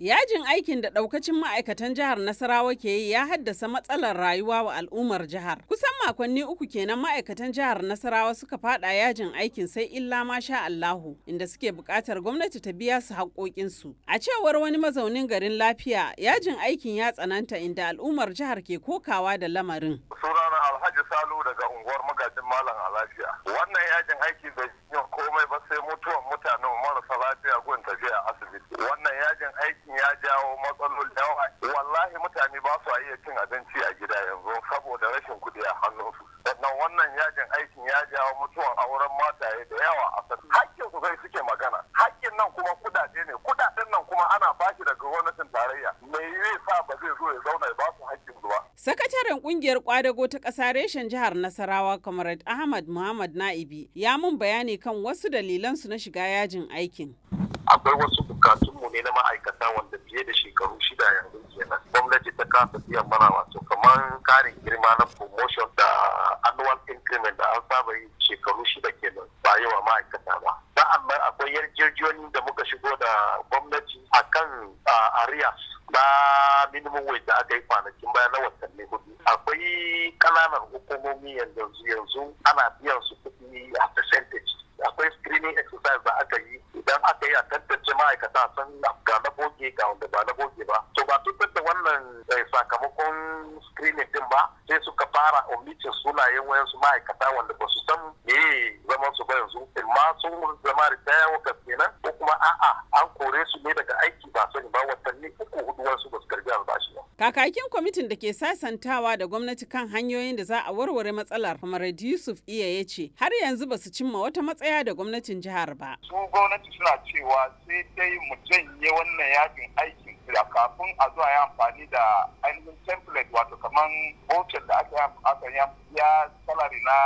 Yajin aikin da daukacin ma'aikatan jihar Nasarawa ke yi ya haddasa matsalar rayuwa wa al'ummar jihar. Kusan makonni uku kenan ma'aikatan jihar Nasarawa suka fada yajin aikin sai illa ma sha Allahu inda suke bukatar gwamnati ta biya su haƙoƙinsu. A cewar wani mazaunin garin lafiya yajin aikin ya tsananta inda al'ummar jihar ke kokawa da lamarin. Sunana Alhaji Salu daga unguwar magajin Malam Alafiya. Wannan yajin aiki bai komai ba sai mutuwan mutanen marasa lafiya gun tafiya wannan yajin aikin ya jawo matsaloli yawa wallahi mutane ba su iya cin abinci a gida yanzu saboda rashin kuɗi a hannunsu sannan wannan yajin aikin ya jawo mutuwan auren mataye da yawa a sassan hakkin su sai suke magana hakkin nan kuma kudade ne kudaden nan kuma ana bashi daga gwamnatin tarayya mai yi sa ba zai zo ya zauna ya ba su hakkin su ba Sakataren kungiyar kwadago ta ƙasa reshen jihar Nasarawa kamarad Ahmad Muhammad Na'ibi ya mun bayani kan wasu dalilansu na shiga yajin aikin. akwai wasu bukatun mu ne na ma'aikata wanda fiye da shekaru shida yanzu kenan gwamnati ta kasa biyan mana wato kamar karin girma na promotion da annual increment da an saba yi shekaru shida kenan ba yawa ma'aikata ba sa'an nan akwai yarjejiyoyin da muka shigo da gwamnati akan arias na minimum wage da aka yi kwanakin baya na watanni hudu akwai kananan hukumomi yanzu yanzu ana biyan su kuɗi a percentage akwai screening exercise da aka yi idan aka yi a tantance ma'aikata sun ga na boge ga wanda ba na boge ba to ba fitar da wannan eh, sakamakon screening din ba sai suka fara omitin sunayen wayansu ma'aikata wanda ba su san me zaman su ba yanzu ma sun zama ritaya kenan ko kuma a'a an kore su ne daga aiki Kakakin kwamitin da ke sasantawa da gwamnati kan hanyoyin da za a warware matsalar Comrade Yusuf Iya ya ce har yanzu ba su cimma wata matsaya da gwamnatin jihar ba. Su gwamnati suna cewa sai dai mu janye wannan yakin aikin da kafin a zuwa ya amfani da ainihin template wato kaman voucher da aka aka ya biya salari na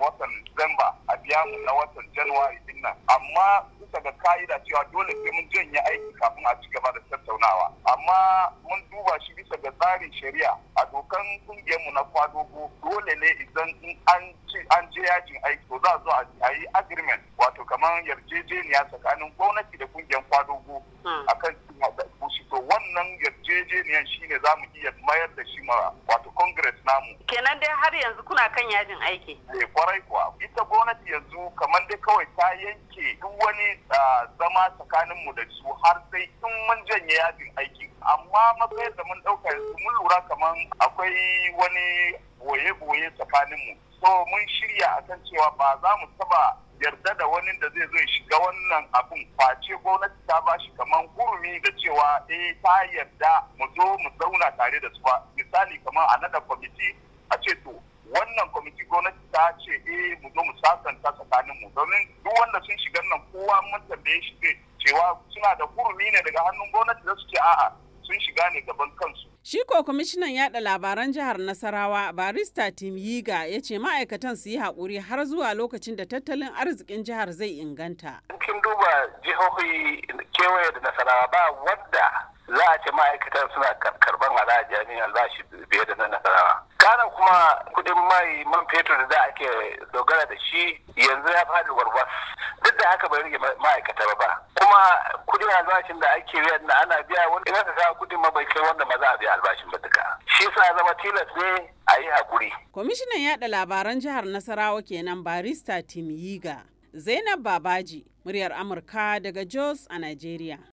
watan Disamba a biya mu na watan January din nan. Amma bisa ga ka'ida cewa dole sai mun janye aiki kafin a ci gaba da tattaunawa. Amma tsarin shari'a a dokan kungiyarmu na kwadogo dole ne idan an je yajin aiki to za a zo a yi agreement wato kamar yarjejeniya tsakanin gwamnati da kungiyar kwadogo hmm. akan to wannan yarjejeniyan shine za mu iya mayar da shi mara wato congress namu kenan dai har yanzu kuna kan yajin aiki ne eh, kwarai kuwa ita gwamnati yanzu kamar dai kawai ta yanke duk wani ah, zama tsakaninmu da su har sai in mun janye yajin aiki amma matsayar da mun ɗauka yanzu mun lura kamar akwai wani boye-boye tsakaninmu so mun shirya a kan cewa ba za mu taba yarda da wani da zai zo shiga wannan abun face gwamnati ta ba shi kamar hurumi da cewa e ta yarda mu zo mu zauna tare da su ba misali kamar a nada kwamiti a ce to wannan kwamiti gwamnati ta ce eh mu zo mu sasanta tsakaninmu domin duk wanda sun shiga nan kowa mun tambaye shi cewa suna da hurumi ne daga hannun gwamnati da su ce a'a sun shiga ne gaban kansu. Shi ko kwamishinan yada labaran jihar Nasarawa barista Tim Yiga ya ce ma'aikatan su yi haƙuri har zuwa lokacin da tattalin arzikin jihar zai inganta. Kin duba jihohi kewaye da Nasarawa ba wanda za a ce ma'aikatan suna karban haraji jami'an albashi fiye da na Nasarawa. ƙarin kuma kudin mai man fetur da za a ke dogara da shi yanzu ya faɗi warwas duk da haka bai rage ma'aikata ba kuma kudin albashin da ake biya na ana biya wani in aka kawo kudin ma bai kai wanda ma za a biya albashin ba duka shi sa zama tilas ne a yi hakuri. kwamishinan yaɗa labaran jihar nasarawa kenan barista tim yiga zainab babaji muryar amurka daga jos a nigeria